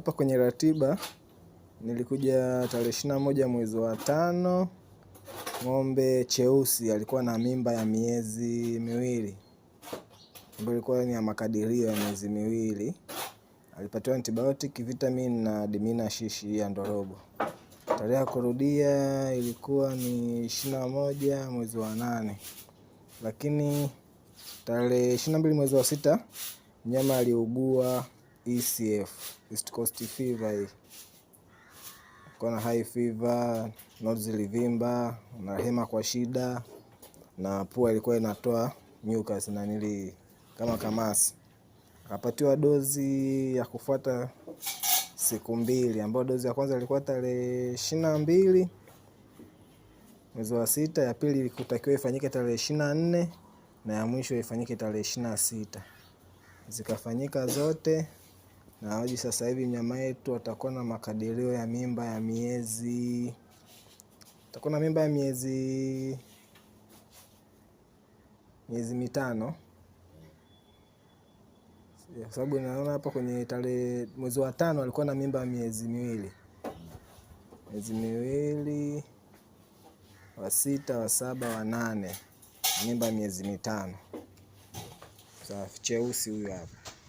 hapa kwenye ratiba nilikuja tarehe ishirini na moja mwezi wa tano, ng'ombe cheusi alikuwa na mimba ya miezi miwili ambayo ilikuwa ni ya makadirio ya miezi miwili. Alipatiwa antibiotic, vitamin na dimina shishi ya ndorobo. Tarehe ya kurudia ilikuwa ni ishirini na moja mwezi wa nane, lakini tarehe ishirini na mbili mwezi wa sita mnyama aliugua ECF, East Coast Fever hii. Ukiwa na high fever, nodes zilivimba, unahema kwa shida na pua ilikuwa inatoa mucus na nili kama kamasi. Akapatiwa dozi ya kufuata siku mbili, ambayo dozi ya kwanza ilikuwa tarehe ishirini na mbili mwezi wa sita, ya pili ilikutakiwa ifanyike tarehe ishirini na nne na ya mwisho ifanyike tarehe ishirini na sita zikafanyika zote na Haji sasa hivi mnyama yetu atakuwa na makadirio ya mimba ya miezi atakuwa na mimba ya miezi miezi mitano kwa sababu naona hapa kwenye tarehe mwezi wa tano alikuwa na mimba ya miezi miwili, miezi miwili, wa sita, wa saba, wa nane, mimba ya miezi mitano. Safi, cheusi huyu hapa.